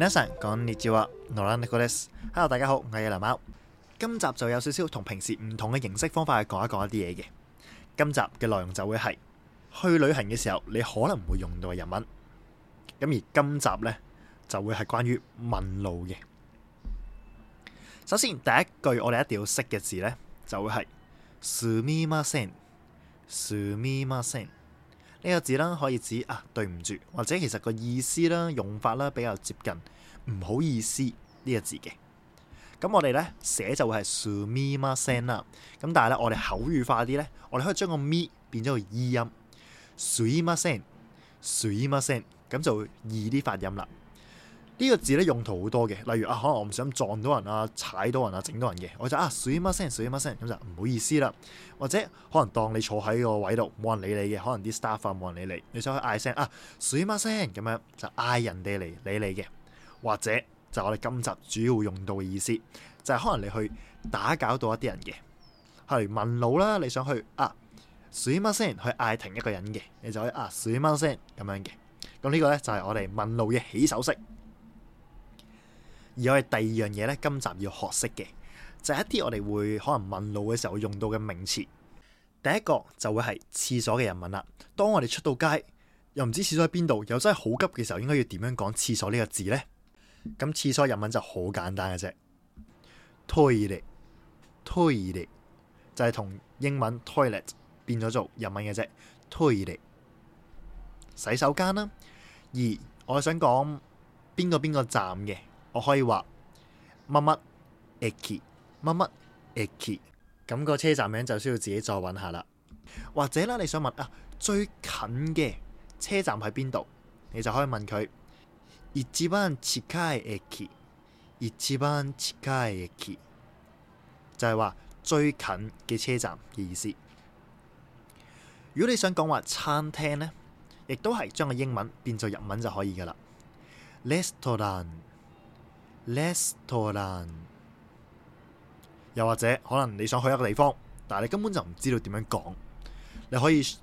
皆さん、こんにちは、ノラネコです，hello，大家好，我係藍貓。今集就有少少同平時唔同嘅形式方法去講一講一啲嘢嘅。今集嘅內容就會係去旅行嘅時候，你可能會用到嘅日文。咁而今集呢，就會係關於問路嘅。首先第一句我哋一定要識嘅字呢，就會係 sumimasen，sumimasen。呢個字啦，可以指啊對唔住，或者其實個意思啦、用法啦比較接近唔好意思呢、這個字嘅。咁我哋咧寫就會係 su mi ma 聲啦。咁但係咧我哋口語化啲咧，我哋可以將個咪變咗個伊音 su i ma 聲 su i ma 聲，咁就會易啲發音啦。呢個字咧用途好多嘅，例如啊，可能我唔想撞到人，到人啊，踩到人啊，整到人嘅，我就啊，水乜聲，水乜聲咁就唔好意思啦。或者可能當你坐喺個位度冇人理你嘅，可能啲 staff 冇人理你，你想去嗌聲啊，水乜聲咁樣就嗌人哋嚟理你嘅，或者就係我哋今集主要用到嘅意思就係、係、可能你去打攪到一啲人嘅去問路啦，你想去啊，水乜聲去嗌停一個人嘅，你就可以啊，水乜聲咁樣嘅。咁呢個咧就係我哋問路嘅起手式。而我哋第二樣嘢呢，今集要學識嘅就係一啲我哋會可能問路嘅時候用到嘅名詞。第一個就會係廁所嘅日文啦。當我哋出到街又唔知廁所喺邊度，又真係好急嘅時候，應該要點樣講廁所呢個字呢？咁廁所日文就好簡單嘅啫，トイレ，トイレ就係同英文 toilet 變咗做日文嘅啫，トイレ。洗手間啦，而我想講邊個邊個站嘅。我可以話乜乜 eki 乜乜 eki，咁個車站名就需要自己再揾下啦。或者啦，你想問啊最近嘅車站喺邊度？你就可以問佢熱治班切卡 eki 熱治班切卡 eki，就係話最近嘅車站嘅意思。如果你想講話餐廳呢，亦都係將個英文變做日文就可以噶啦 restaurant レストラン。又或者可能你想去一個地方，但係你根本就唔知道點樣講，你可以喺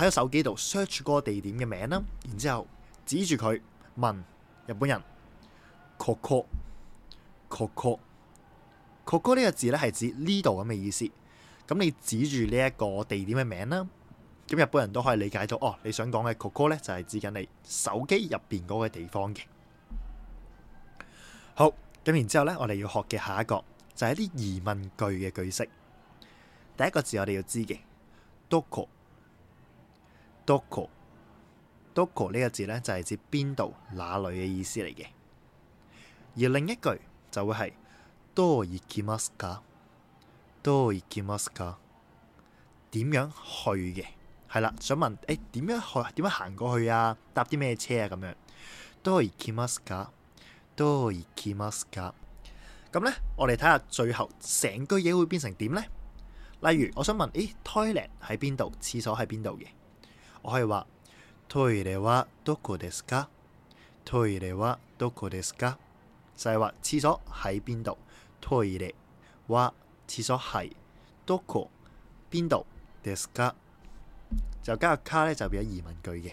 個手機度 search 嗰個地點嘅名啦，然之後指住佢問日本人 koko koko koko 呢個字呢，係指呢度咁嘅意思，咁你指住呢一個地點嘅名啦，咁日本人都可以理解到，哦，你想講嘅 koko 呢，就係、是、指緊你手機入邊嗰個地方嘅。好咁，然之後咧，我哋要學嘅下一個就係一啲疑問句嘅句式。第一個字我哋要知嘅，どこ、どこ、どこ，呢個字咧就係指邊度、哪裏嘅意思嚟嘅。而另一句就會係どう行きますか？，どう行きますか？，點樣去嘅？係啦，想問誒點樣去？點樣行過去啊？搭啲咩車啊？咁樣，どう行きますか？。都咁咁咧，我哋睇下最後成句嘢會變成點咧？例如，我想問，咦，トイレ喺邊度？廁所喺邊度嘅？我可以話トイレはどこですか？トイレはどこですか？就係話廁所喺邊度？就加個卡咧，就變咗疑問句嘅。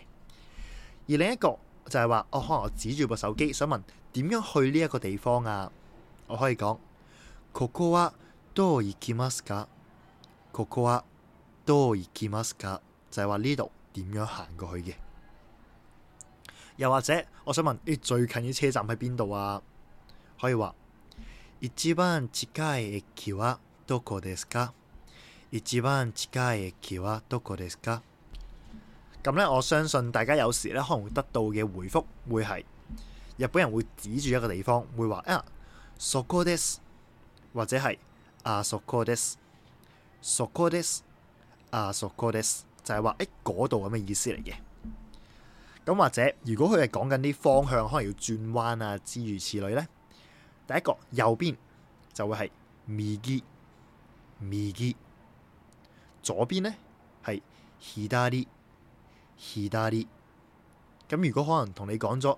而另一個就係話，哦，可能我指住部手機想問。點樣去呢一個地方啊？我可以講，ここはどう行きますか？ここはどう行きますか？就係話呢度點樣行過去嘅。又或者，我想問，誒，最近嘅車站喺邊度啊？可以話，一番近い駅はどこですか？一番近い駅はどこですか？咁咧，我相信大家有時咧可能會得到嘅回覆會係。日本人會指住一個地方，會話啊，Sokodes 或者係啊 Sokodes，Sokodes 啊 Sokodes 就係話誒嗰度咁嘅意思嚟嘅。咁或者如果佢係講緊啲方向，可能要轉彎啊之如此類咧。第一個右邊就會係 Migi，Migi 左邊咧係 Hidari，Hidari。咁如果可能同你講咗。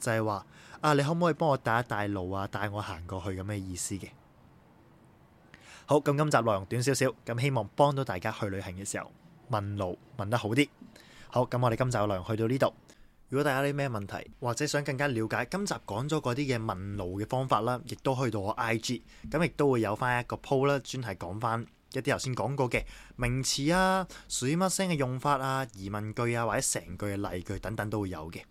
就係話啊，你可唔可以幫我帶下路啊，帶我行過去咁嘅意思嘅。好，咁今集內容短少少，咁希望幫到大家去旅行嘅時候問路問得好啲。好，咁我哋今集嘅內容去到呢度。如果大家有啲咩問題，或者想更加了解今集講咗嗰啲嘅問路嘅方法啦，亦都可以到我 IG，咁亦都會有翻一個 po 啦，專係講翻。一啲頭先講過嘅名詞啊、水乜聲嘅用法啊、疑問句啊，或者成句嘅例句等等都會有嘅。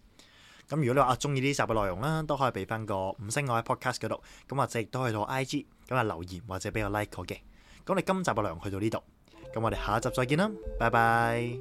咁如果你話啊中意呢集嘅內容啦，啊，都可以俾翻個五星我喺 podcast 嗰度，咁或者亦都可以到 IG 咁啊留言或者俾個 like 我嘅。咁我哋今集嘅內容去到呢度，咁我哋下一集再見啦，拜拜。